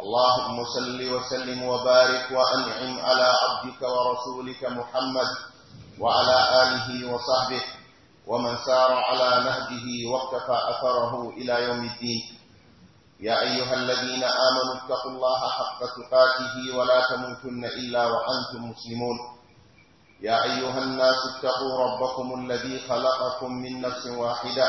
اللهم صل وسلم وبارك وأنعم على عبدك ورسولك محمد وعلى آله وصحبه ومن سار على نهجه واقتفى أثره إلى يوم الدين يا أيها الذين آمنوا اتقوا الله حق تقاته ولا تموتن إلا وأنتم مسلمون يا أيها الناس اتقوا ربكم الذي خلقكم من نفس واحدة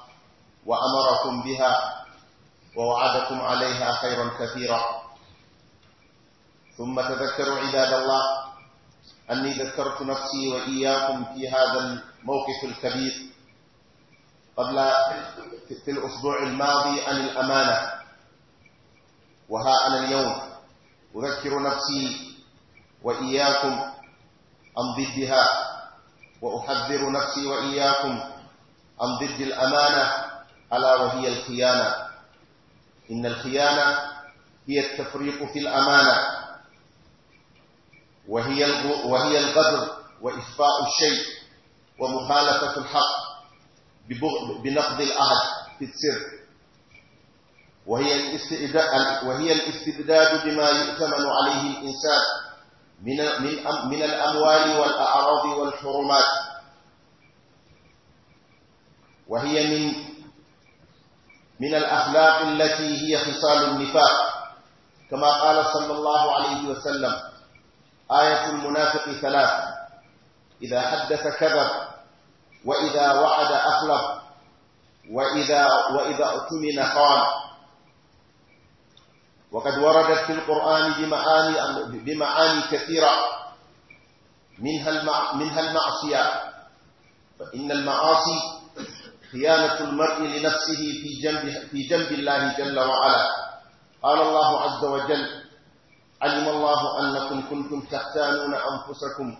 وأمركم بها ووعدكم عليها خيرا كثيرا ثم تذكروا عباد الله أني ذكرت نفسي وإياكم في هذا الموقف الكبير قبل في الأسبوع الماضي عن الأمانة وها أنا اليوم أذكر نفسي وإياكم عن ضدها وأحذر نفسي وإياكم عن ضد الأمانة ألا وهي الخيانة إن الخيانة هي التفريق في الأمانة وهي وهي الغدر وإخفاء الشيء ومخالفة الحق بنقض العهد في السر وهي الاستبداد وهي الاستبداد بما يؤتمن عليه الإنسان من من من الأموال والأعراض والحرمات وهي من من الأخلاق التي هي خصال النفاق كما قال صلى الله عليه وسلم آية المنافق ثلاث إذا حدث كذب وإذا وعد أخلف وإذا, وإذا أؤتمن قال وقد وردت في القرآن بمعاني, بمعاني كثيرة منها, المع منها المعصية فإن المعاصي خيانة المرء لنفسه في جنب, في جنب الله جل وعلا قال الله عز وجل علم الله أنكم كنتم تختانون أنفسكم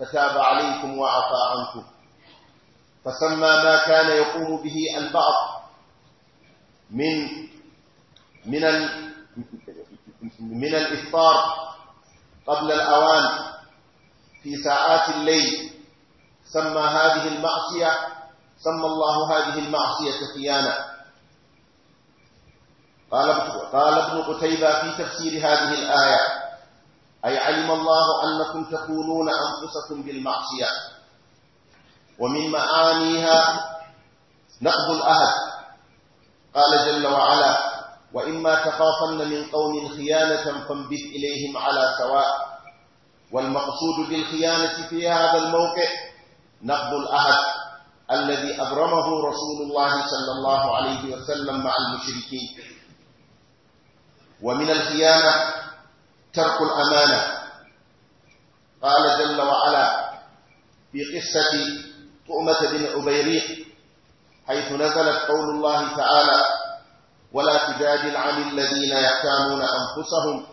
فتاب عليكم وعفى عنكم فسمى ما كان يقوم به البعض من من ال من الإفطار قبل الأوان في ساعات الليل سمى هذه المعصية سمى الله هذه المعصية خيانة قال قال ابن قتيبة في تفسير هذه الآية أي علم الله أنكم تخونون أنفسكم بالمعصية ومن معانيها نقض الأهد قال جل وعلا وإما تخافن من قوم خيانة فانبت إليهم على سواء والمقصود بالخيانة في هذا الموقع نقض الأهد الذي أبرمه رسول الله صلى الله عليه وسلم مع المشركين ومن الخيانة ترك الأمانة قال جل وعلا في قصة طؤمة بن عبيريح حيث نزلت قول الله تعالى ولا تجادل عن الذين يختانون أنفسهم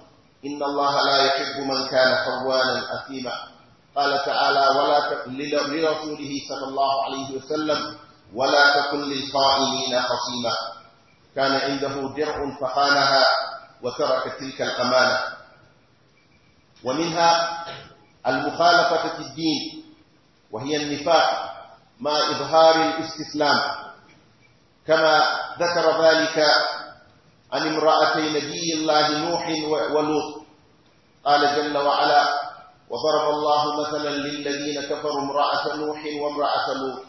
إن الله لا يحب من كان خوانا أثيما قال تعالى ولا لرسوله صلى الله عليه وسلم ولا تكن للخائنين خصيما كان عنده درع فخانها وترك تلك الأمانة ومنها المخالفة في الدين وهي النفاق مع إظهار الاستسلام كما ذكر ذلك عن امرأتي نبي الله نوح ولوط قال جل وعلا وضرب الله مثلا للذين كفروا امرأة نوح وامرأة لوط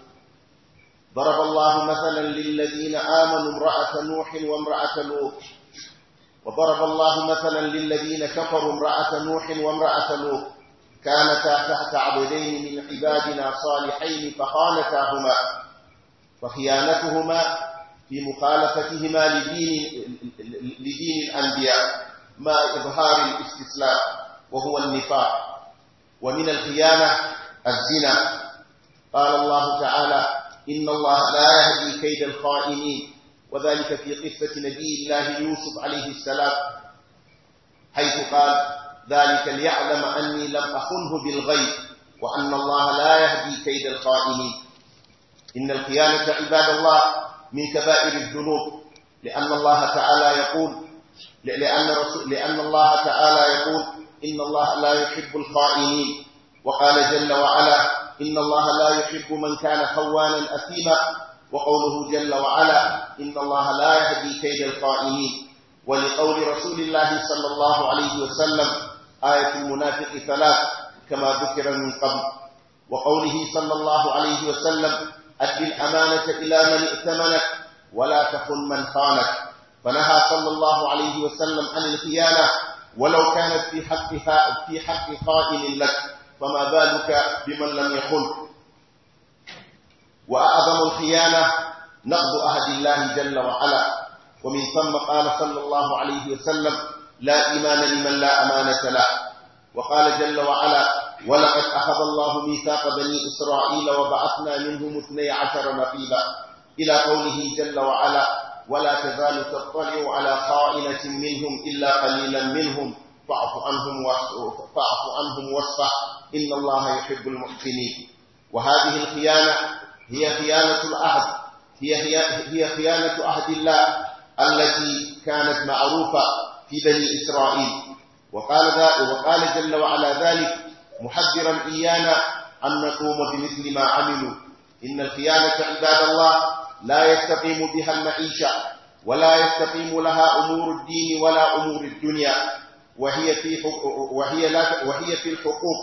ضرب الله مثلا للذين آمنوا امرأة نوح وامرأة لوط وضرب الله مثلا للذين كفروا امرأة نوح وامرأة لوط كانتا تحت عبدين من عبادنا صالحين فخانتاهما وخيانتهما في مخالفتهما لدين, لدين الأنبياء مع إظهار الاستسلام وهو النفاق ومن الخيانة الزنا قال الله تعالى إن الله لا يهدي كيد الخائنين وذلك في قصة نبي الله يوسف عليه السلام حيث قال ذلك ليعلم أني لم أخنه بالغيب وأن الله لا يهدي كيد الخائنين إن الخيانة عباد الله من كبائر الذنوب لأن الله تعالى يقول لأن, رسول لأن الله تعالى يقول إن الله لا يحب الخائنين وقال جل وعلا إن الله لا يحب من كان خوانا أثيما وقوله جل وعلا إن الله لا يهدي كيد الخائنين ولقول رسول الله صلى الله عليه وسلم آية المنافق ثلاث كما ذكر من قبل وقوله صلى الله عليه وسلم أد الأمانة إلى من ائتمنك ولا تخن من خانك فنهى صلى الله عليه وسلم عن الخيانة ولو كانت في حق في حق قائل لك فما بالك بمن لم يخن وأعظم الخيانة نقض عهد الله جل وعلا ومن ثم قال صلى الله عليه وسلم لا إيمان لمن لا أمانة له وقال جل وعلا ولقد أخذ الله ميثاق بني إسرائيل وبعثنا منهم اثني عشر نقيبا إلى قوله جل وعلا ولا تزال تطلع على خائنة منهم إلا قليلا منهم فاعف عنهم فاعف عنهم واصفح إن الله يحب المحسنين وهذه الخيانة هي خيانة العهد هي هي خيانة عهد الله التي كانت معروفة في بني إسرائيل وقال وقال جل وعلا ذلك محذرا إيانا أن نقوم بمثل ما عملوا إن الخيانة عباد الله لا يستقيم بها المعيشة ولا يستقيم لها أمور الدين ولا أمور الدنيا وهي في وهي لا وهي في الحقوق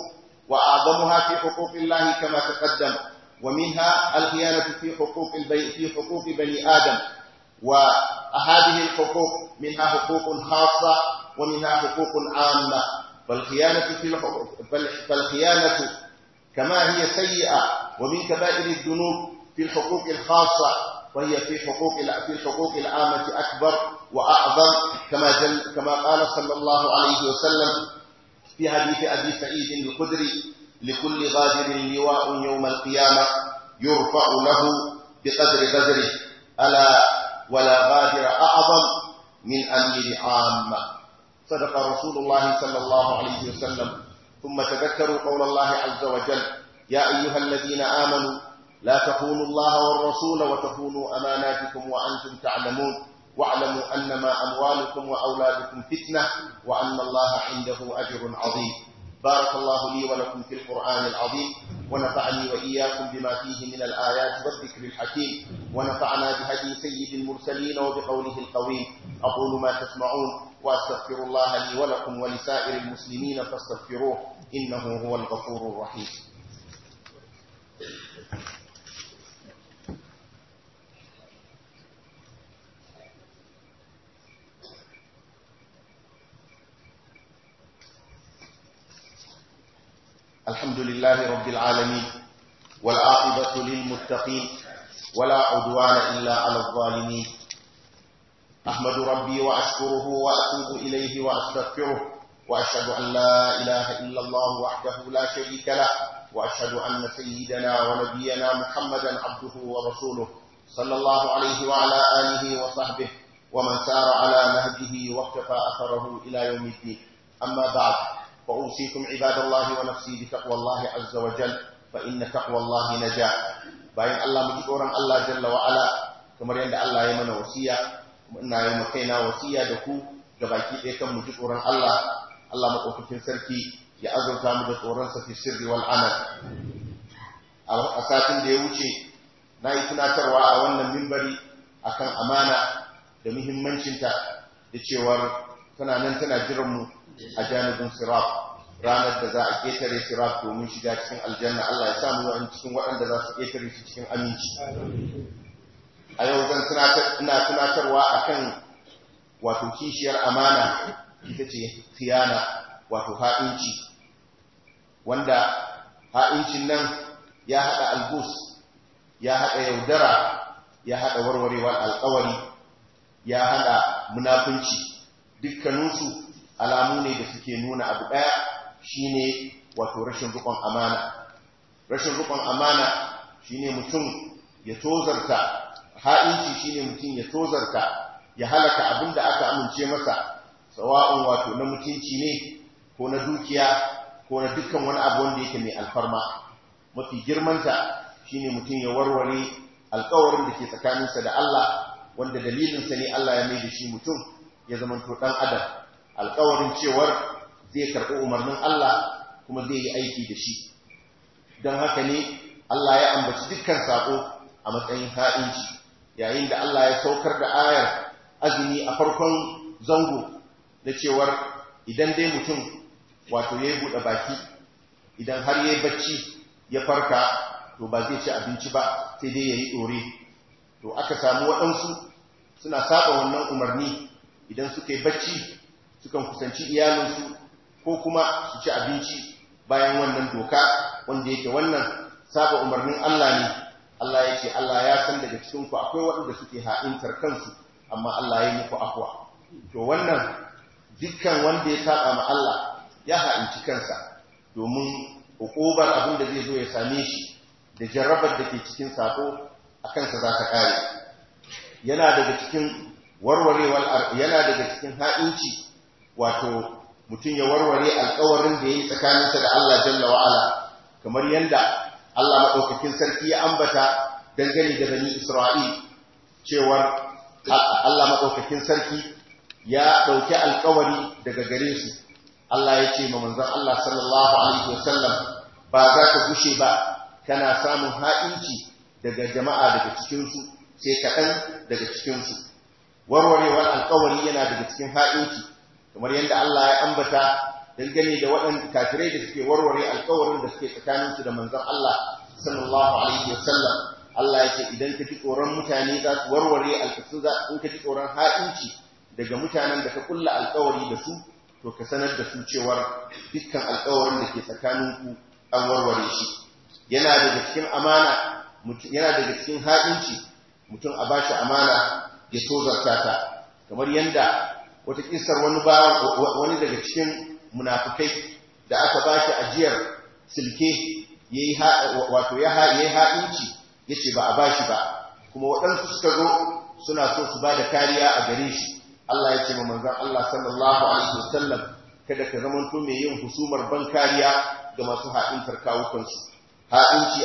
وأعظمها في حقوق الله كما تقدم ومنها الخيانة في حقوق البي في حقوق بني آدم وهذه الحقوق منها حقوق خاصة ومنها حقوق عامة فالخيانة في الحقوق فالخيانة كما هي سيئة ومن كبائر الذنوب في الحقوق الخاصة وهي في حقوق في الحقوق العامة أكبر وأعظم كما جل كما قال صلى الله عليه وسلم في حديث أبي سعيد الخدري لكل غادر لواء يوم القيامة يرفع له بقدر قدره ألا ولا غادر أعظم من أمير عامة صدق رسول الله صلى الله عليه وسلم ثم تذكروا قول الله عز وجل يا أيها الذين آمنوا لا تخونوا الله والرسول وتخونوا أماناتكم وأنتم تعلمون واعلموا أنما أموالكم وأولادكم فتنة وأن الله عنده أجر عظيم بارك الله لي ولكم في القرآن العظيم ونفعني وإياكم بما فيه من الآيات والذكر الحكيم ونفعنا بهدي سيد المرسلين وبقوله القويم أقول ما تسمعون وأستغفر الله لي ولكم ولسائر المسلمين فاستغفروه إنه هو الغفور الرحيم الحمد لله رب العالمين والعاقبة للمتقين ولا عدوان إلا على الظالمين أحمد ربي وأشكره وأتوب إليه وأستغفره وأشهد أن لا إله إلا الله وحده لا شريك له وأشهد أن سيدنا ونبينا محمدا عبده ورسوله صلى الله عليه وعلى آله وصحبه ومن سار على نهجه واقتفى أثره إلى يوم الدين أما بعد فأوصيكم عباد الله ونفسي بتقوى الله عز وجل فإن تقوى الله نجاة باين الله مجدورا الله جل وعلا كما يند الله يمن وصية إنا يوم كينا وصية دكو جباكي إيكم مجدورا الله الله مقوكتين سركي يا أزل تامد تورنس في السر والعمل أساتين ديوشي na yi tunatarwa a wannan mimbari akan amana da muhimmancinta da cewar tana nan tana jiranmu a janibin sirat ranar da za a ƙetare sirat domin shiga cikin aljanna Allah ya samu wa'in cikin waɗanda za su ƙetare shi cikin aminci a yau zan ina tunatarwa akan wato kishiyar amana ita ce khiyana wato ha'inci wanda ha'incin nan ya haɗa algus ya haɗa yaudara ya haɗa warwarewar alƙawari ya haɗa munafunci dukkaninsu alamu ne da suke nuna abu ɗaya shine wato rashin rukun amana rashin rukun amana ne mutum ya tozarta ha'inci shine mutum ya tozarta ya halaka abin da aka amince masa sawa'un wato na mutunci ne ko na dukiya ko na dukkan wani abu wanda yake mai alfarma mafi girmanta shine mutum ya warware alkawarin da ke tsakaninsa da Allah wanda dalilinsa ne Allah ya mai da shi mutum ya zamanto ɗan adam alkawarin cewar zai karɓi umarnin Allah kuma zai yi aiki da shi don haka ne Allah ya ambaci dukkan sako a matsayin ha'inci yayin da Allah ya saukar da ayar azumi a farkon zango na cewar idan dai mutum wato ya yi buɗe baki idan har ya yi bacci ya farka to ba zai ci abinci ba sai dai ya yi ɗore to aka samu waɗansu suna saɓa wannan umarni idan suka yi bacci sukan kusanci iyalinsu ko kuma su ci abinci bayan wannan doka wanda yake wannan saba umarnin Allah ne Allah ya ce Allah ya san daga cikinku akwai waɗanda suke ha'intar kansu amma Allah ya yi muku afwa to wannan dukkan wanda ya saba ma Allah ya ha'inci kansa domin hukubar abin da zai zo ya same shi da jarrabar da ke cikin sako a kansa za ka kare yana daga cikin warwarewar yana daga cikin ha'inci wato mutum ya warware alkawarin da ya yi tsakaninsa da Allah jalla wa'ala kamar yadda Allah maɗaukakin sarki ya ambata dangane da bani Isra'il cewar Allah maɗaukakin sarki ya ɗauki alkawari daga gare su Allah ya ce ma manzon Allah sallallahu alaihi wasallam ba za ka gushe ba kana samun ha'inci daga jama'a daga cikinsu sai kaɗan daga cikinsu warwarewar alkawari yana daga cikin ha'inci kamar yadda Allah ya ambata dangane da waɗanda kafirai da suke warware alkawarin da suke su da manzon Allah sallallahu alaihi wasallam Allah yake idan ka ji tsoron mutane za su warware alkasu za su ka tsoron ha'inci daga mutanen da ka kulla alkawari da su to ka sanar da su cewar dukkan alkawarin da ke tsakaninku an warware shi yana daga cikin amana yana daga cikin ha'inci mutum a bashi amana ya tozarta ta kamar yadda wata kisar wani wani daga cikin munafukai da aka ba shi ajiyar silke yayi wato ya ha yayi inci yace ba a ba shi ba kuma waɗansu suka zo suna so su ba da kariya a gare shi Allah ya ce ma manzon Allah sallallahu alaihi wasallam kada ka zamanto mai yin husumar ban kariya ga masu ha'intar kawukansu a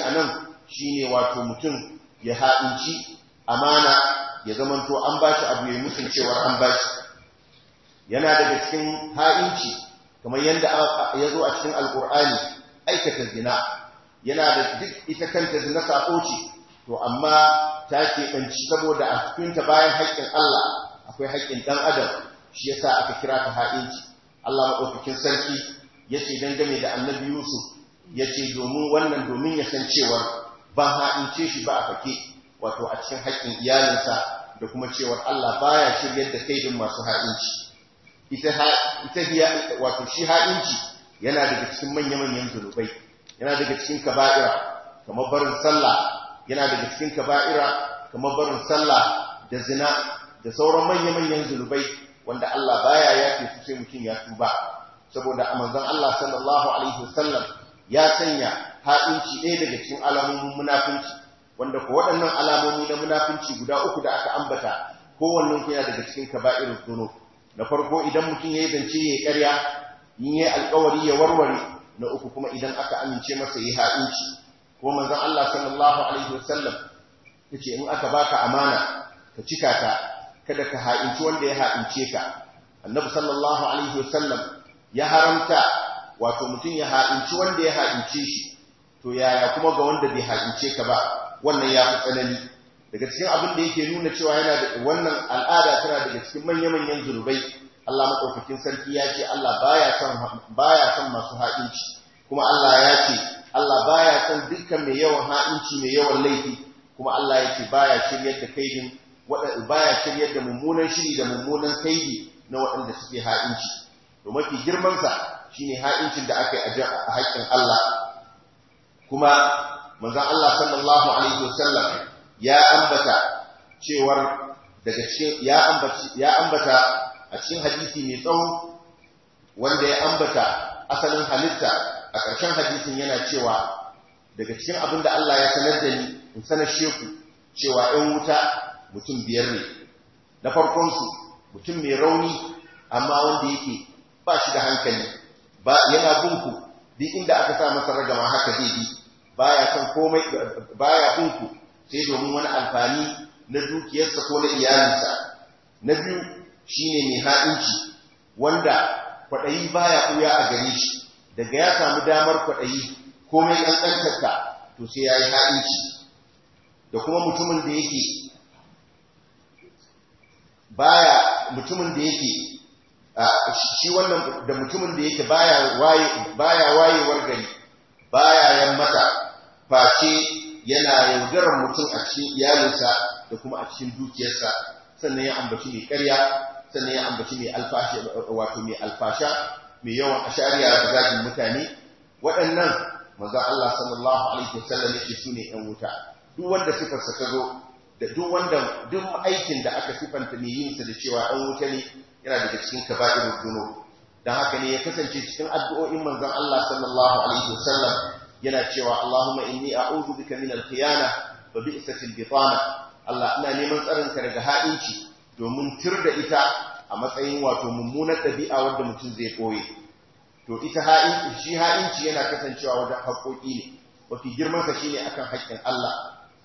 anan shine wato mutum ya ha'inci amana ya zamanto an ba shi abu ya mutuncewar an an bashi yana daga cikin ha'inci kamar yadda ya zo a cikin alkur'ani aikata zina yana da duk ita kanta zina ta ce to amma ta keɓanci saboda a cikinta bayan haƙƙin Allah akwai haƙƙin ɗan adam shi yasa aka kira ta ha'inci Allah maɗaukakin sarki ya ce dangane da annabi Yusuf ya ce domin wannan domin ya san cewar ba ha'ince shi ba a fake wato a cikin haƙƙin iyalinsa da kuma cewar Allah baya shiryar da kaidin masu ha'inci ita hiya wato shi ha'inci yana daga cikin manya-manyan zunubai yana daga cikin kaba'ira kamar barin sallah yana daga cikin kaba'ira kamar barin sallah da zina da sauran manya-manyan zunubai wanda Allah baya ce su sai mutum ya tuba saboda manzon Allah sallallahu alaihi wasallam ya sanya haɗinci ɗaya daga cikin alamomin munafunci wanda ko waɗannan alamomi na munafunci guda uku da aka ambata kowannen yana daga cikin kaba'irin dhunub na farko idan mutum ya yi zance ya yi ƙarya yin ya alkawari ya warware na uku kuma idan aka amince masa ya yi ko manzon Allah sallallahu alaihi wasallam ta ce in aka baka amana ka cika ta kada ka haɗunci wanda ya haɗunce ka annabi sallallahu alaihi wasallam ya haramta wato mutum ya haɗunci wanda ya haɗunce shi to yaya kuma ga wanda bai haɗunce ka ba wannan ya fi tsanani daga cikin abin da yake nuna cewa yana da wannan al'ada tana daga cikin manya-manyan zurbai. Allah madaukakin sarki ya ce Allah baya son baya son masu ha'inci kuma Allah ya ce Allah baya son dukkan mai yawan ha'inci mai yawan laifi kuma Allah ya ce baya shiryar da kaidin baya shiryar da mummunan shiri da mummunan kaidi na waɗanda suke ha'inci to mafi girman sa shine ha'incin da aka yi a haƙƙin Allah kuma manzon Allah sallallahu alaihi wasallam ya ambata cewar daga cikin ya ambata ya ambata a cikin hadisi mai tsawo wanda ya ambata asalin halitta a ƙarshen hadisin yana cewa daga cikin abin da Allah ya sanar da ni in sanar sheku cewa ɗan wuta mutum biyar ne na farkonsu mutum mai rauni amma wanda yake ba shi da hankali ba yana bunku duk inda aka sa masa ragama haka zai bi baya son komai baya bunku sai domin wani alfani na dukiyarsa ko na iyalinsa na biyu ne mai haɗinci wanda kwaɗayi baya ɓuya a gare shi daga ya samu damar kwaɗayi mai ƙanƙantarta to sai ya yi haɗinci da kuma mutumin da yake baya mutumin da yake shi wannan da mutumin da yake baya waye baya wayewar gari baya yammata face yana yaudarar mutum a cikin iyalinsa da kuma a cikin dukiyarsa sannan ya ambaci mai karya sannan ya ambaci mai alfasha wato mai alfasha mai yawan ashariya da zagin mutane waɗannan maza Allah sallallahu alaihi wasallam yake sune yan wuta duk wanda sifar sa ta zo da duk wanda duk aikin da aka sifanta mai yin da cewa an wuta ne yana daga cikin kaba'irul dunub dan haka ne ya kasance cikin addu'o'in manzon Allah sallallahu alaihi wasallam yana cewa Allahumma inni a'udhu bika min al-khiyana wa bi'satil bitana Allah ina neman tsarin ka daga ha'inci domin tur da ita a matsayin wato mummunar dabi'a wanda mutum zai koye to ita ha'inci shi ha'inci yana kasancewa wajen haƙoƙi ne wafi girman ka shine akan haƙƙin Allah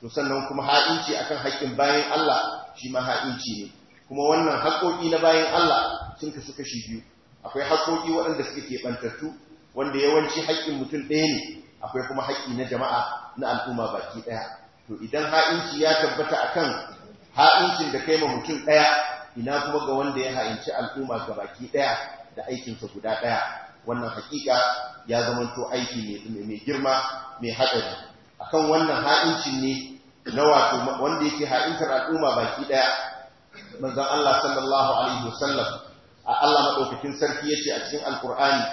to sannan kuma ha'inci akan haƙƙin bayan Allah shi ma ha'inci ne kuma wannan haƙoƙi na bayan Allah sun kasu kashi biyu akwai haƙoƙi waɗanda suke keɓantattu wanda yawanci haƙƙin mutum ɗaya ne akwai kuma haƙƙi na jama'a na al'umma baki ɗaya to idan ha'inci ya tabbata akan ha'incin da kai ma mutum ɗaya ina kuma ga wanda ya ha'inci al'umma ga baki ɗaya da aikinsa guda ɗaya wannan haƙiƙa ya zamanto aiki mai girma mai haɗari akan wannan ha'incin ne na wato wanda yake ha'intar al'umma baki ɗaya manzon Allah sallallahu alaihi wasallam a Allah madaukakin sarki ya ce a cikin alqur'ani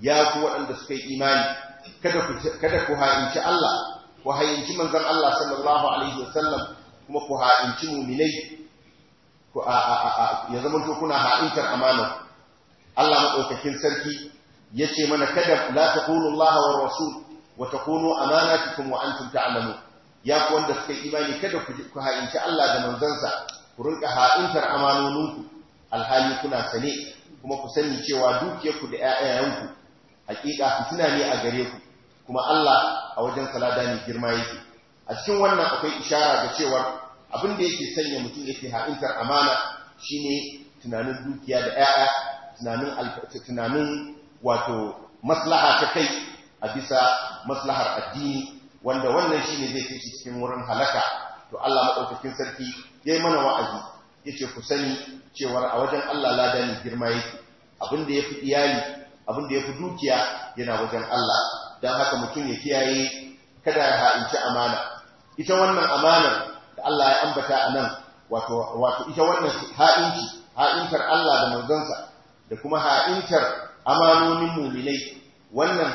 ya ku waɗanda suka yi imani kada ku ha'inci Allah ku ha'inci manzon Allah sallallahu alaihi wasallam kuma ku ha'inci mu'minai ku a a a ya zama to kuna ha'intar amana Allah madaukakin sarki yace mana kada la taqulu Allah wa rasul wa taqulu amanatukum wa antum ta'lamun ya ku wanda suka imani kada ku ha'inci Allah da manzansa ku rinka ha'intar amanonunku alhali kuna sane kuma ku sani cewa dukiyarku da 'ya'yanku hakika fitina ne a gare ku kuma Allah a wajen salada ne girma yake a cikin wannan akwai ishara da cewa abin da yake sanya mutum yake ha'intar amana shine tunanin dukiya da 'ya'ya tunanin tunanin wato maslaha ta kai a bisa maslahar addini wanda wannan shine zai kai cikin wurin halaka to Allah madaukakin sarki yayi mana wa'azi yace ku sani cewa a wajen Allah ladani girma yake abin da yafi iyali abin da ya fi dukiya yana wajen Allah don haka mutum ya kiyaye kada ya ha'inci amana ita wannan amanar da Allah ya ambata a nan wato ita wannan ha'inci ha'intar Allah da manzansa da kuma ha'intar amanonin muminai wannan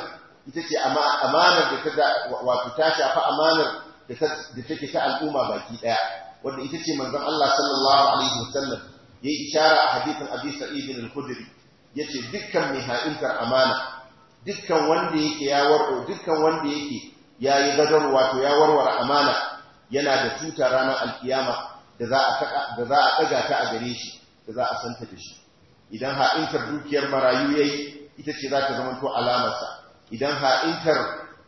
ita ce amanar da ta wato ta shafi amanar da ta take ta al'umma baki daya wanda ita ce manzon Allah sallallahu alaihi wasallam yayi ishara a hadithin Abi Sa'id al-Khudri yace dukkan mai ha'intar amana dukkan wanda yake ya warko dukkan wanda yake yayi gadar wato ya warware amana yana da cuta ranar alkiyama da za a taka a ta a gare shi da za a santa da shi idan ha'intar dukiyar marayu yayi ita ce za ta zama to alamarsa idan ha'intar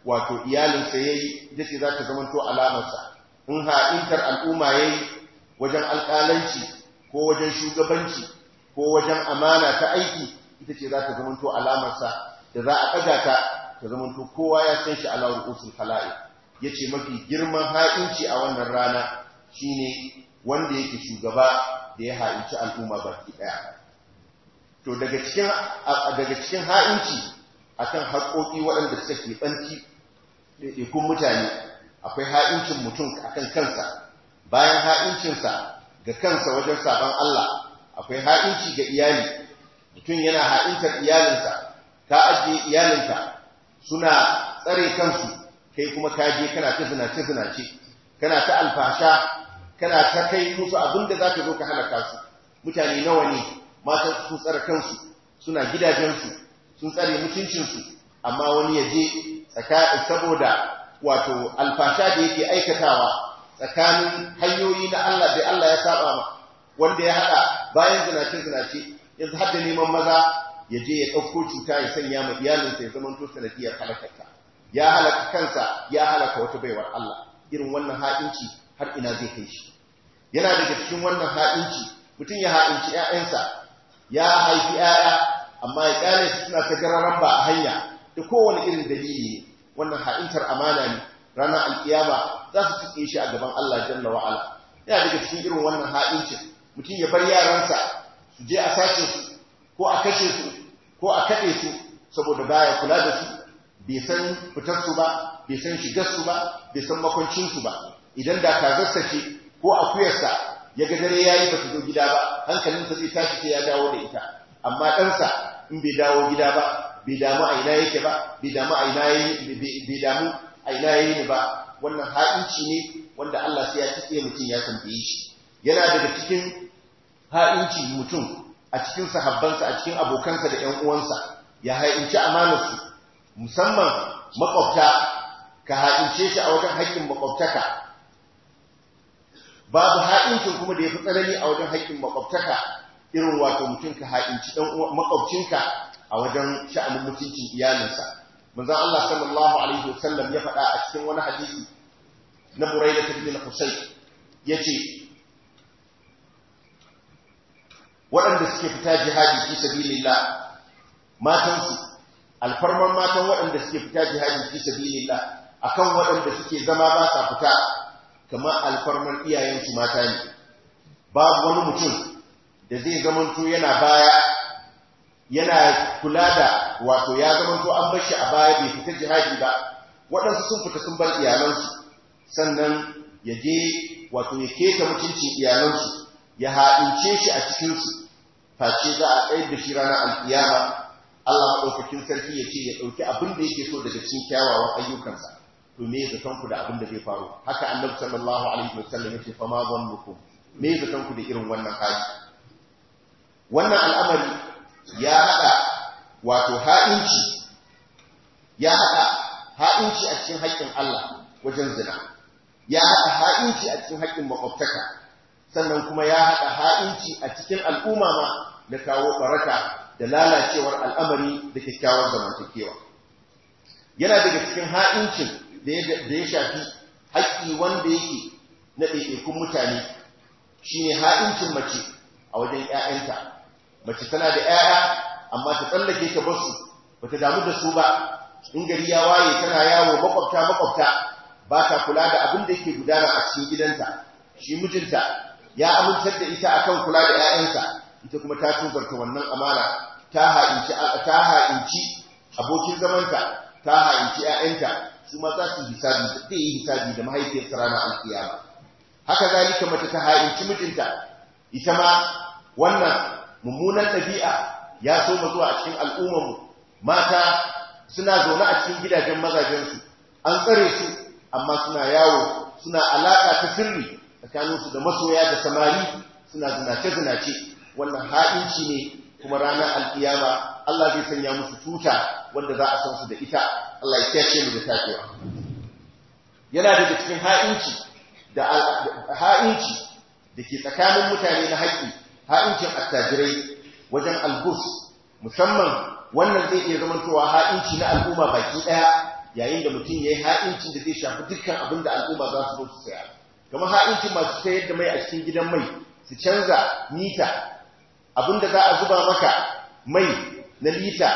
wato iyalinsa yayi ita ce za ta zama to alamarsa in ha'intar al'umma yayi wajen alƙalanci ko wajen shugabanci ko wajen amana ta aiki ita ce za ta zamanto alamarsa da za a ɗaga ta ta zamanto kowa ya san shi ala ru'usul ya yace mafi girman ha'inci a wannan rana shine wanda yake shugaba da ya ha'inci al'umma baki ɗaya. to daga cikin daga cikin ha'inci akan haƙoƙi waɗanda suka ke banci ɗaiɗaikun mutane akwai ha'incin mutum akan kansa bayan ha'incinsa ga kansa wajen saban Allah akwai ha'inci ga iyali mutum yana ha'intar iyalinsa ka ajiye iyalinka suna tsare kansu kai kuma ka je kana ta zinace ce kana ta alfasha kana ta kai musu abin da za ka zo ka halaka su mutane nawa ne matan sun tsare kansu suna gidajensu sun tsare mutuncinsu amma wani ya je saboda wato alfasha da yake aikatawa tsakanin hanyoyi na Allah da Allah ya saba ma wanda ya haɗa bayan zinace zinace ya da neman maza ya je ya ɗauko cuta ya sanya ma iyalinsa ya zama to sanadiyar halakarta ya halaka kansa ya halaka wata baiwar Allah irin wannan ha'inci har ina zai kai shi yana daga cikin wannan ha'inci mutum ya ha'inci ƴaƴansa ya haifi ƴaƴa amma ya kyale su suna ta gararan ba a hanya da kowane irin dalili ne wannan ha'intar amana ne ranar alƙiyama. za su tuƙe shi a gaban Allah jalla wa'ala yana daga cikin irin wannan ha'incin mutum ya bar yaransa su je a sace su ko a kashe su ko a kaɗe su saboda baya kula da su bai san fitarsu ba bai san su ba bai san su ba idan da kazarsa ce ko akuyarsa ya ga dare yayi ba su zo gida ba hankalinsa zai tashi sai ya dawo da ita amma ɗansa in bai dawo gida ba bai damu a ina yake ba bai damu a ina yayi bai damu a ina yayi ba wannan haɗinci ne wanda Allah sai ya tsaye mutum ya tambaye shi yana daga cikin ha'inci mutum a cikin sahabbansa a cikin abokansa da ‘yan uwansa ya ha'inci amanarsu musamman makwabta ka ha'ince shi a wajen haƙƙin makwabtaka babu ha'incin kuma da ya fi tsanani a wajen haƙƙin makwabtaka irin wato mutum ka ha'inci makwabcinka a wajen sha'anin mutuncin iyalinsa manzon Allah sallallahu alaihi wasallam ya faɗa a cikin wani hadisi na Buraida ibn Husayn yace waɗanda suke fita jihadi fi sabilillah matansu alfarman matan waɗanda suke fita jihadi fi sabilillah akan waɗanda suke zama ba sa fita kamar alfarman iyayensu mata ne babu wani mutum da zai zamanto yana baya yana kula da wato ya zamanto an bar shi a baya bai fita jihadi ba waɗansu sun fita sun bar iyalansu sannan ya je wato ya keta mutuncin iyalansu ya haɗince shi a cikinsu face za a ɗai da shi ranar alkiyama Allah maɗaukakin sarki ya ce ya ɗauki abin da yake so daga cikin kyawawan ayyukansa to me zaton ku da abin da zai faru haka annabi sallallahu alaihi ya yace fa ma zannukum me zaton ku da irin wannan hali wannan al'amari ya haɗa wato ha'inci ya haɗa ha'inci a cikin haƙƙin Allah wajen zina ya haɗa ha'inci a cikin haƙƙin makwabtaka sannan kuma ya haɗa ha'inci a cikin al'umma ma da kawo baraka da lalacewar al'amari da kyakkyawar zamantakewa yana daga cikin ha'incin da ya shafi haƙƙi wanda yake na ɗaiɗaikun mutane shine ha'incin mace a wajen 'ya'yanta mace tana da 'ya'ya amma ta tsallake ta basu ta damu da su ba in gari ya waye tana yawo makwabta makwabta ba ta kula da abin da yake gudana a cikin gidanta shi mijinta ya amintar da ita akan kula da ƴaƴanta ita kuma ta tubarta wannan amana ta ha'inci ta ha'inci abokin zamanta ta ha'inci 'ya'yanta su ma za su hisabi da yi hisabi da mahaifiyarsa ranar alkiyama haka zalika mace ta ha'inci mijinta ita ma wannan mummunan ɗabi'a ya so mu zuwa a cikin al'ummarmu mata suna zaune a cikin gidajen mazajensu an tsare su amma suna yawo suna alaƙa ta sirri tsakaninsu da masoya da samari suna zinace-zinace wannan ha'inci ne kuma ranar alkiyama Allah zai sanya musu tuta wanda za a san su da ita Allah ya ce mu da tafiya yana daga cikin ha'inci da ha'inci da ke tsakanin mutane na haƙi ha'incin attajirai wajen albus musamman wannan zai iya zamantowa ha'inci na al'umma baki ɗaya yayin da mutum ya yi ha'incin da zai shafi dukkan abin da al'umma za su zo su saya kamar ha'inci masu sayar da mai a cikin gidan mai su canza mita abinda za a zuba maka mai na lita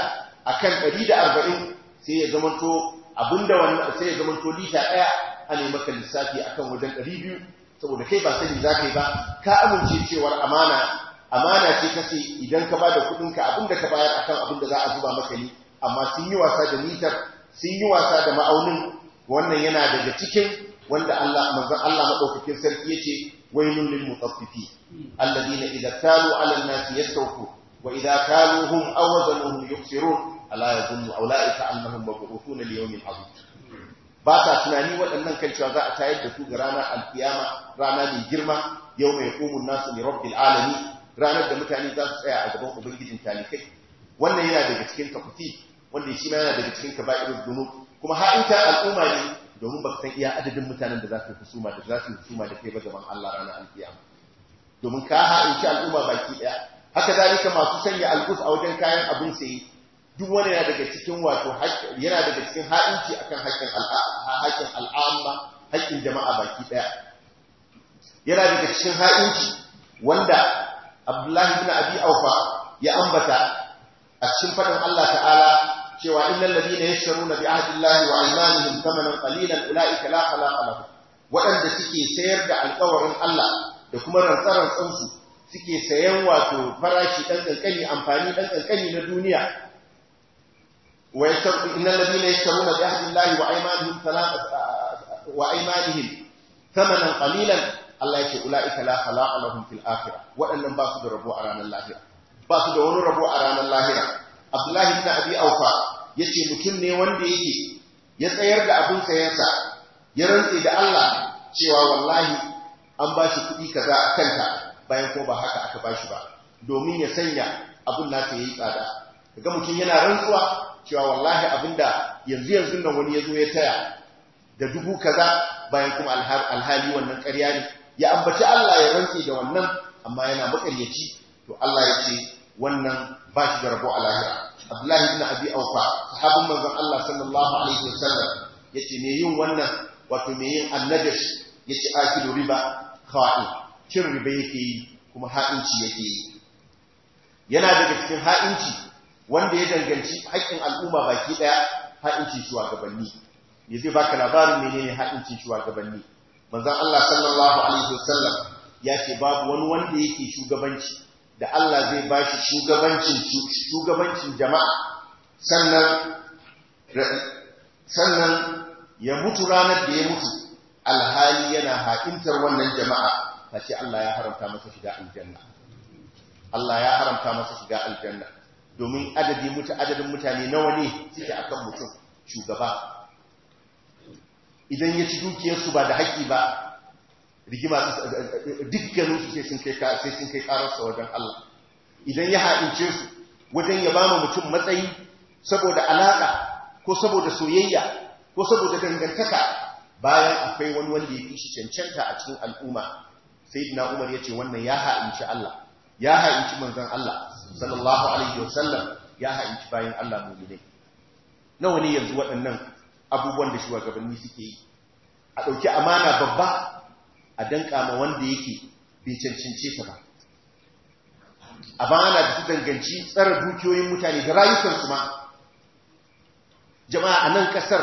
a kan 140 sai ya zamanto abinda wani sai ya zamanto lita daya a ne maka lissafi a kan wajen 200 saboda kai ba sani za yi ba ka amince cewar amana amana ce kace idan ka da da ka abinda ka bayar a akan abinda za a zuba maka ne amma sun yi wasa da mitar sun yi wasa da ma'aunin wannan yana daga cikin wanda Allah manzon Allah madaukakin sarki yace wailul lil mutaffifin alladhina idza talu 'ala an-nasi yastawfu wa idza kaluhum aw wazanuhum yukhsirun ala yadhunnu ulaika annahum mab'uthuna li yawmin 'azim ba ta tunani waɗannan kan cewa za a tayar da su ga ranar alkiyama rana mai girma yau mai hukumun nasu ne rabbil alami ranar da mutane za su tsaya a gaban ubangijin talikai wannan yana daga cikin kafuti wanda shi ma yana daga cikin kaba'irul dunub kuma ha'inta al'umma ne domin ba san iya adadin mutanen da za su husuma da za su husuma da kai ba gaban Allah ranar alkiyama domin ka ha'inci al'umma baki daya haka zalika masu sanya alkus a wajen kayan abin sayi duk wani yana daga cikin wato yana daga cikin ha'inci akan haƙƙin haƙƙin al'amma haƙƙin jama'a baki daya yana daga cikin haɗinci wanda Abdullahi bin Abi Aufa ya ambata a cikin faɗin Allah ta'ala cewa innal ladina yashtaruna bi ahdillahi wa aymanihim thamanan qalilan ulaika la khalaqa lahum waɗanda suke sayar da alƙawarin Allah da kuma rantsarar tsansu suke sayan wato farashi dan kankani amfani dan kankani na duniya wa yashtaruna innal ladina yashtaruna bi ahdillahi wa aymanihim wa aymanihim thamanan qalilan Allah yake ulaika la khalaqa lahum fil akhirah waɗannan ba su da rabo a ranar lahira ba su da wani rabo a ranar lahira Abdullahi ibn Abi Aufa yace mutum ne wanda yake ya tsayar da abin sayansa ya rantse da Allah cewa wallahi an ba shi kuɗi kaza a kanta bayan ko ba haka aka ba shi ba domin ya sanya abin nasa yayi tsada kaga mutum yana rantsuwa cewa wallahi abinda yanzu yanzu nan wani ya zo ya taya da dubu kaza bayan kuma alhali wannan ƙarya ne ya ambaci Allah ya rantse da wannan amma yana makaryaci to Allah ya ce wannan ba shi da rabo a lahira abdullahi ibn abi aufa sahabin manzon Allah sallallahu alaihi sallam yace me yin wannan wato me yin annabish yace akilu riba kha'i cin riba yake yi kuma ha'inci yake yi yana daga cikin ha'inci wanda ya danganci haƙƙin al'umma baki ɗaya ha'inci shugabanni ya zai baka labarin menene ha'inci shugabanni manzon Allah sallallahu alaihi sallam ya ce babu wani wanda yake shugabanci da Allah zai ba shi shugabancin jama'a sannan ya mutu ranar da ya mutu alhali yana haƙintar wannan jama'a ta ce Allah ya haramta masa shiga aljanna Allah ya haramta masa shiga aljanna domin adadi mutu adadin mutane nawa ne suke akan mutum shugaba idan ya ci dukiyarsu ba da haƙƙi ba rigima dukkanin su sai sun kai sai kararsa wajen Allah idan ya haɗince su wajen ya bama mutum matsayi saboda alaƙa, ko saboda soyayya ko saboda dangantaka bayan akwai wani wanda ya fi shi cancanta a cikin al'umma sai sayyidina Umar ce wannan ya ha'inci Allah ya ha'inci manzon Allah sallallahu alaihi wasallam ya ha'inci bayan Allah ne. nawa ne yanzu waɗannan abubuwan da shugabanni suke yi a ɗauki amana babba a danka ma wanda yake bai cancance ta ba a bana da su danganci tsara dukiyoyin mutane da rayukansu ma jama'a a nan kasar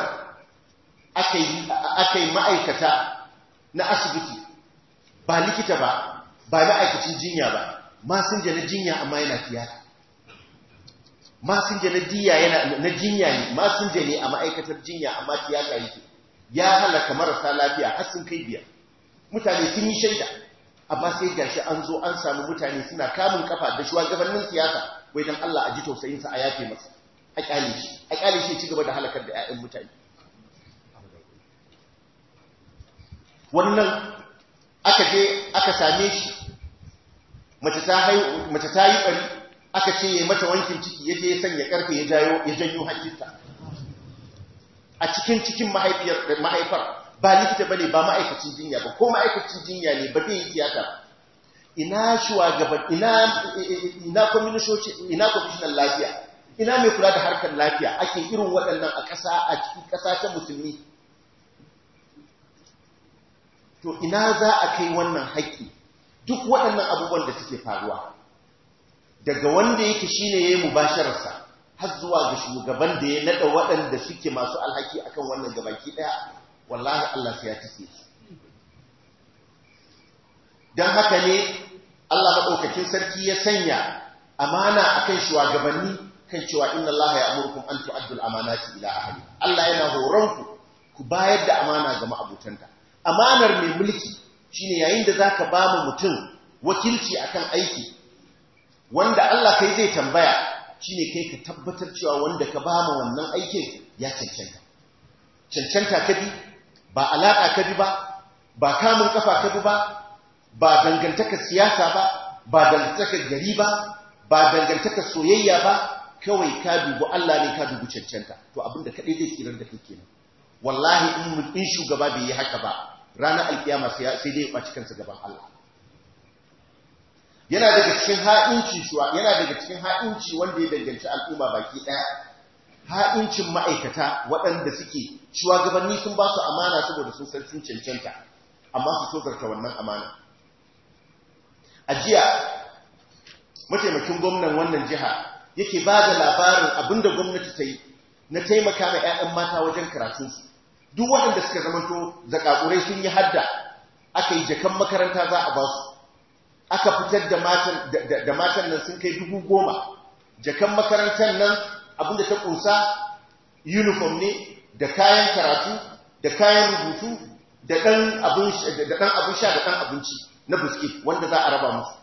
aka yi ma'aikata na asibiti ba likita ba ba ma'aikacin jinya ba masinja na jinya amma yana tiyata masinja jana diya na jinya ne masinja ne a ma'aikatar jinya amma tiyata yake ya halaka marasa lafiya har sun kai biyar mutane sun yi shaida amma sai gashi an zo an samu mutane suna kamun kafa da shugabannin siyasa wai dan Allah a ji tausayin sa a yafe masa a kyale shi a kyale shi ci gaba da halakar da ƴaƴan mutane wannan aka je aka same shi mace ta yi bari aka ce ya mata wankin ciki yaje ya sanya karfe ya janyo hajjinta a cikin cikin mahaifiyar mahaifar ba likita bane ba ma'aikacin jinya ba ko ma'aikacin jinya ne ba zai yi tiyata ba ina shugaban ina ina ina kwamishinan lafiya ina mai kula da harkar lafiya ake irin waɗannan a ƙasa a cikin ƙasa ta musulmi to ina za a kai wannan haƙƙi duk waɗannan abubuwan da suke faruwa daga wanda yake shi ne shine yi mubasharsa har zuwa ga shugaban da ya naɗa waɗanda suke masu alhaki akan wannan gabaki ɗaya? wallahi Allah sai ya tike su dan haka ne Allah madaukakin sarki ya sanya amana akan shugabanni kan cewa inna Allah ya amurkum an tu'addul amanati ila ahli Allah yana horon ku ku bayar da amana ga ma'abutanka amanar mai mulki shine yayin da zaka ba mu mutum wakilci akan aiki wanda Allah kai zai tambaya shine kai ka tabbatar cewa wanda ka ba mu wannan aikin ya cancanta cancanta ka bi ba alaƙa ka bi ba ba kamun kafa ka bi ba ba dangantakar siyasa ba ba dangantakar gari ba ba dangantakar soyayya ba kawai ka dubu Allah ne ka dugu cancanta to abinda kaɗai zai tsirar da ke kenan wallahi in shugaba bai yi haka ba ranar alkiyama sai dai ya ɓaci kansa gaban Allah yana daga cikin ha'inci shuwa yana daga cikin ha'inci wanda ya danganci al'umma baki ɗaya ha'incin ma'aikata waɗanda suke shugabanni sun ba su amana saboda sun san sun cancanta amma su zarta wannan amana a jiya mataimakin gwamnan wannan jiha yake ba da labarin abinda gwamnati ta yi na taimaka ma 'ya'yan mata wajen karatunsu duk waɗanda suka zama to zakakurai sun yi hadda aka yi jakan makaranta za a ba su aka fitar da matan nan sun kai dubu goma jakan makarantar nan abinda ta ƙusa, uniform ne da kayan karatu da kayan rubutu da ɗan abin sha da ɗan abinci na biskit wanda za a raba musu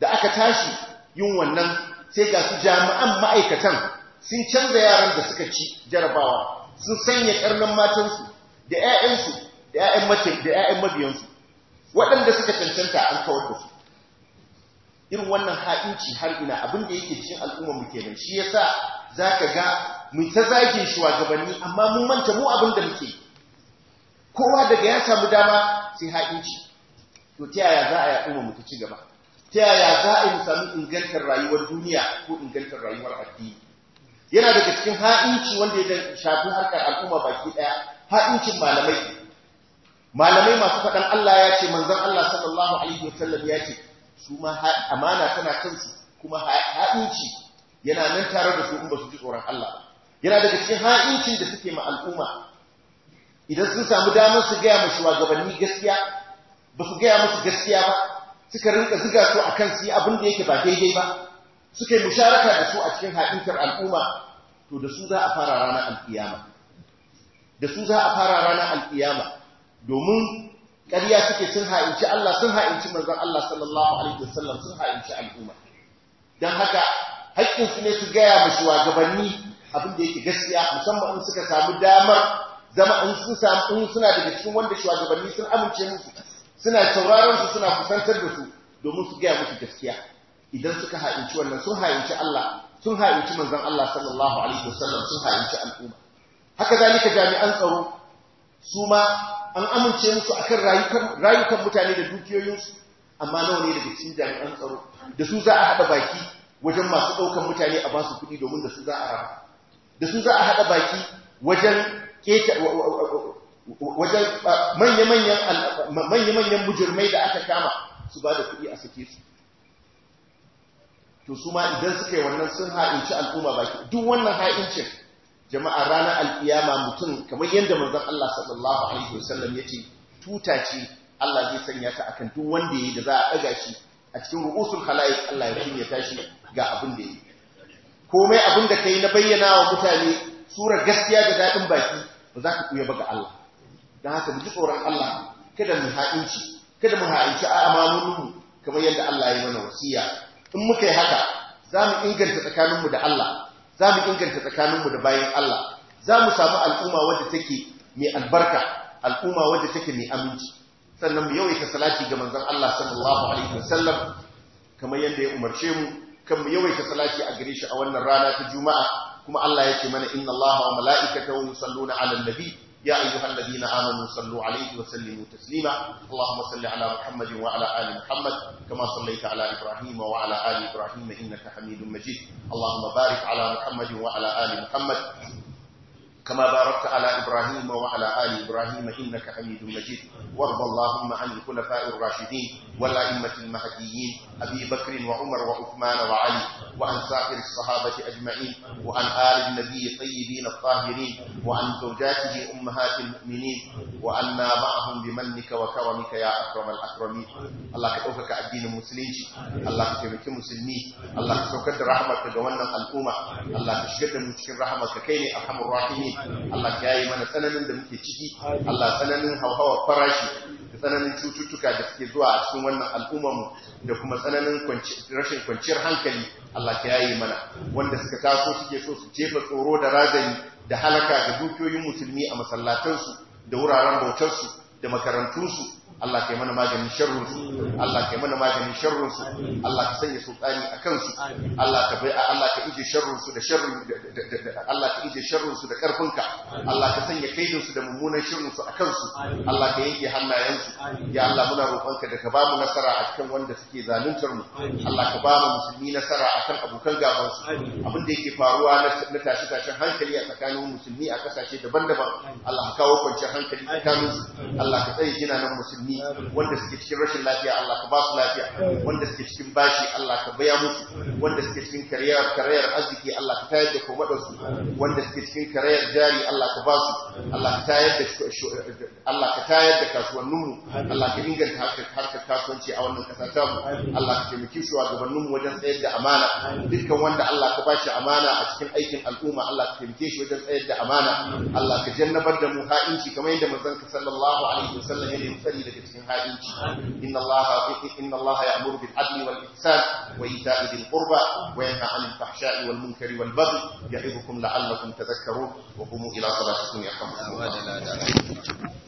da aka tashi yin wannan sai ga su jami'an ma'aikatan sun canza yaran da suka ci jarabawa sun sanya ƙarnan matansu da 'ya'yansu da 'ya'yan mabiyansu waɗanda suka cancanta an kawar da su irin wannan ha'inci har ina abin da yake cikin al'ummar mu kenan shi yasa ka ga mu ta zage shugabanni amma mun manta mu abin da muke kowa daga ya samu dama sai haƙinci to ta yaya za a yaɗu mu ta ci gaba ta yaya za a yi mu samu ingantar rayuwar duniya ko ingantar rayuwar addini yana daga cikin haƙinci wanda ya shafi harkar al'umma baki ɗaya haƙincin malamai malamai masu faɗan Allah ya ce manzon Allah sallallahu alaihi sallam ya ce su ma amana tana kansu kuma haƙinci yana nan tare da su in ba su ji tsoron Allah yana daga cikin ha'incin da suke ma al'umma idan sun samu damar su gaya musu shugabanni gaskiya ba su gaya musu gaskiya ba suka rinka ziga su a kan su yi abin da yake ba daidai ba suka yi musharaka da su a cikin haɗintar al'umma to da su za a fara ranar al'iyama da su za a fara ranar al'iyama domin ƙarya suke sun ha'inci Allah sun ha'inci manzon Allah sallallahu alaihi wasallam sun ha'inci al'umma dan haka haƙƙinsu ne su gaya musu shugabanni abin da yake gaskiya musamman in suka samu damar zama in sun samu in suna daga cikin wanda shugabanni sun amince musu suna sauraron su suna kusantar da su domin su gaya musu gaskiya idan suka ha'inci wannan sun ha'inci Allah sun ha'inci manzon Allah sallallahu alaihi wasallam sun ha'inci al'umma haka zalika jami'an tsaro su ma an amince musu akan rayukan rayukan mutane da dukiyoyinsu amma nawa ne daga cikin jami'an tsaro da su za a haɗa baki wajen masu ɗaukan mutane a basu kuɗi domin da su za a raba da su za a haɗa baki wajen wajen manya-manyan mujirmai da aka kama su ba da kuɗi a sake su to su ma idan suka yi wannan sun ha'inci al'umma baki duk wannan ha'incin jama'a ranar al'iyama mutum kamar yadda manzon Allah sallallahu alaihi wasallam ya ce tuta ce Allah zai sanya ta akan duk wanda ya yi da za a ɗaga shi a cikin ru'usul khala'iq Allah ya kunya tashi ga abin da ya yi komai abin da ka yi na bayyana wa mutane surar gaskiya da daɗin baki ba za ka kuya ba ga Allah don haka mu ji tsoron Allah kada mu ha'inci kada mu ha'inci a amanuninmu kamar yadda Allah ya mana wasiya in muka yi haka za mu inganta tsakaninmu da Allah za mu inganta tsakaninmu da bayan Allah za mu samu al'umma wadda take mai albarka al'umma wadda take mai aminci sannan mu yawaita salati ga manzon Allah sallallahu alaihi wasallam kamar yadda ya umarce mu kan mu yawaita salati a gare shi a wannan rana ta juma'a kuma Allah ce mana inna Allaha wa mala'ikatahu yusalluna 'alan nabi ya ayyuhalladhina amanu sallu 'alayhi wa sallimu taslima Allahumma salli 'ala Muhammadin wa 'ala ali Muhammad kama sallaita 'ala Ibrahim wa 'ala ali Ibrahim innaka Hamidum Majid Allahumma barik 'ala Muhammadin wa 'ala ali Muhammad كما باركت على إبراهيم وعلى آل إبراهيم إنك حميد مجيد وارض اللهم عن الخلفاء الراشدين والأئمة المهديين أبي بكر وعمر وعثمان وعلي وعن سائر الصحابة أجمعين وعن آل النبي الطيبين الطاهرين وعن زوجاته أمهات المؤمنين وعنا معهم بمنك وكرمك يا أكرم الأكرمين الله كتوفك الدين المسلمين الله كتبك المسلمين الله كتوفك رحمك جوانا الأمة الله كشكت من رحمك كيني أرحم الراحمين Allah ka yi mana tsananin da muke ciki Allah tsananin hauhawar farashi da tsananin cututtuka da suke zuwa a cikin wannan al'ummar mu da kuma tsananin rashin kwanciyar hankali Allah ka yi mana wanda suka taso suke so su jefa tsoro da razani da halaka ga dukiyoyin musulmi a masallatansu da wuraren bautarsu da makarantunsu Allah kai mana maganin sharrunsu, su Allah kai mana maganin sharrunsu, su Allah ka sanya sultani akan su Allah ka bai Allah ka ije sharrunsu su da sharrin Allah ka ije sharrin su da karfinka Allah ka sanya kaidin su da mummunan sharrunsu su akan su Allah ka yanke hannayen su ya Allah muna roƙonka da ka ba mu nasara a cikin wanda suke zaluntar mu Allah ka ba mu musulmi nasara akan abokan gaban su abin da yake faruwa na tashi tashin hankali a tsakanin musulmi a kasashe daban-daban Allah ka kawo kwanciyar hankali tsakanin su Allah ka tsaye gina nan musulmi musulmi wanda suke cikin rashin lafiya Allah ka ba su lafiya wanda suke cikin bashi Allah ka baya musu wanda suke cikin karayar karayar arziki Allah ka tayar da komadar su wanda suke cikin karayar jari Allah ka ba su Allah ka tayar da Allah ka tayar da kasuwannin mu Allah ka inganta harkar harkar kasuwanci a wannan kasa ta mu Allah ka taimaki su a gabanin mu wajen tsayar da amana dukkan wanda Allah ka bashi amana a cikin aikin al'umma Allah ka taimake shi wajen tsayar da amana Allah ka jannabar da mu ha'inci kamar yadda manzon sallallahu alaihi wasallam ya yi tsari daga يجد إن الله إن الله يأمر بالعدل والإحسان وإيتاء ذي القربى وينهى عن الفحشاء والمنكر والبغي يعظكم لعلكم تذكرون وقوموا إلى صلاتكم يرحمكم الله